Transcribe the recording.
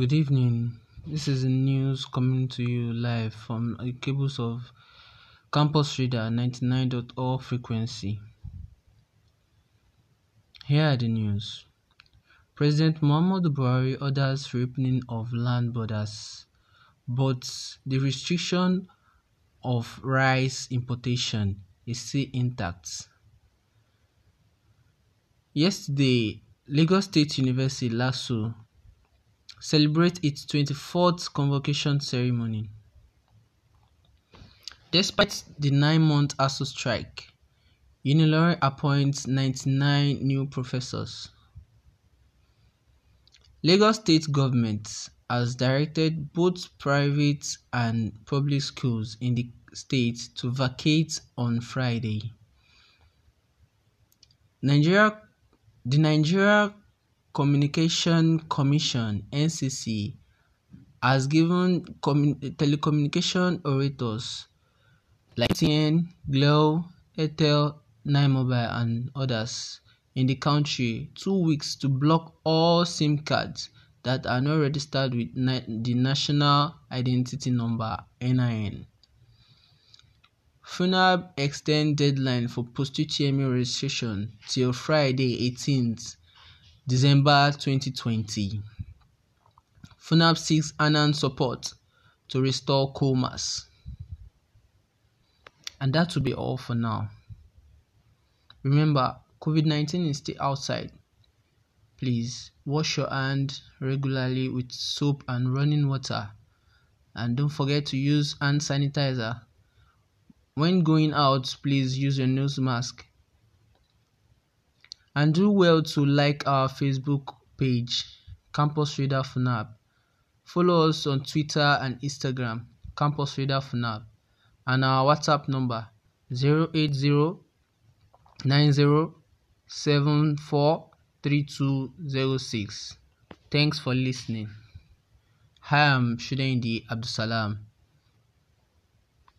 Good evening. This is the news coming to you live from the cables of Campus Reader 99.0 frequency. Here are the news. President Muhammadu Buhari orders reopening of land borders, but the restriction of rice importation is still intact. Yesterday, Lagos State University lasso celebrate its 24th convocation ceremony. Despite the nine month ASU strike, Unilore appoints 99 new professors. Lagos state government has directed both private and public schools in the state to vacate on Friday. Nigeria, the Nigeria Communication Commission (NCC) has given telecommunication operators like Tn, Glo, Etel, 9mobile and others in the country two weeks to block all SIM cards that are not registered with the National Identity Number (NIN). FUNAB extend deadline for post-UTME registration till Friday 18th December 2020. FUNAB seeks Annan support to restore comas. And that will be all for now. Remember, COVID 19 is still outside. Please wash your hand regularly with soap and running water. And don't forget to use hand sanitizer. When going out, please use your nose mask and do well to like our Facebook page, Campus Radar FUNAB. Follow us on Twitter and Instagram, Campus Radar FUNAB, and our WhatsApp number 080 Thanks for listening. Hi, I'm Shudendi Abdusalam.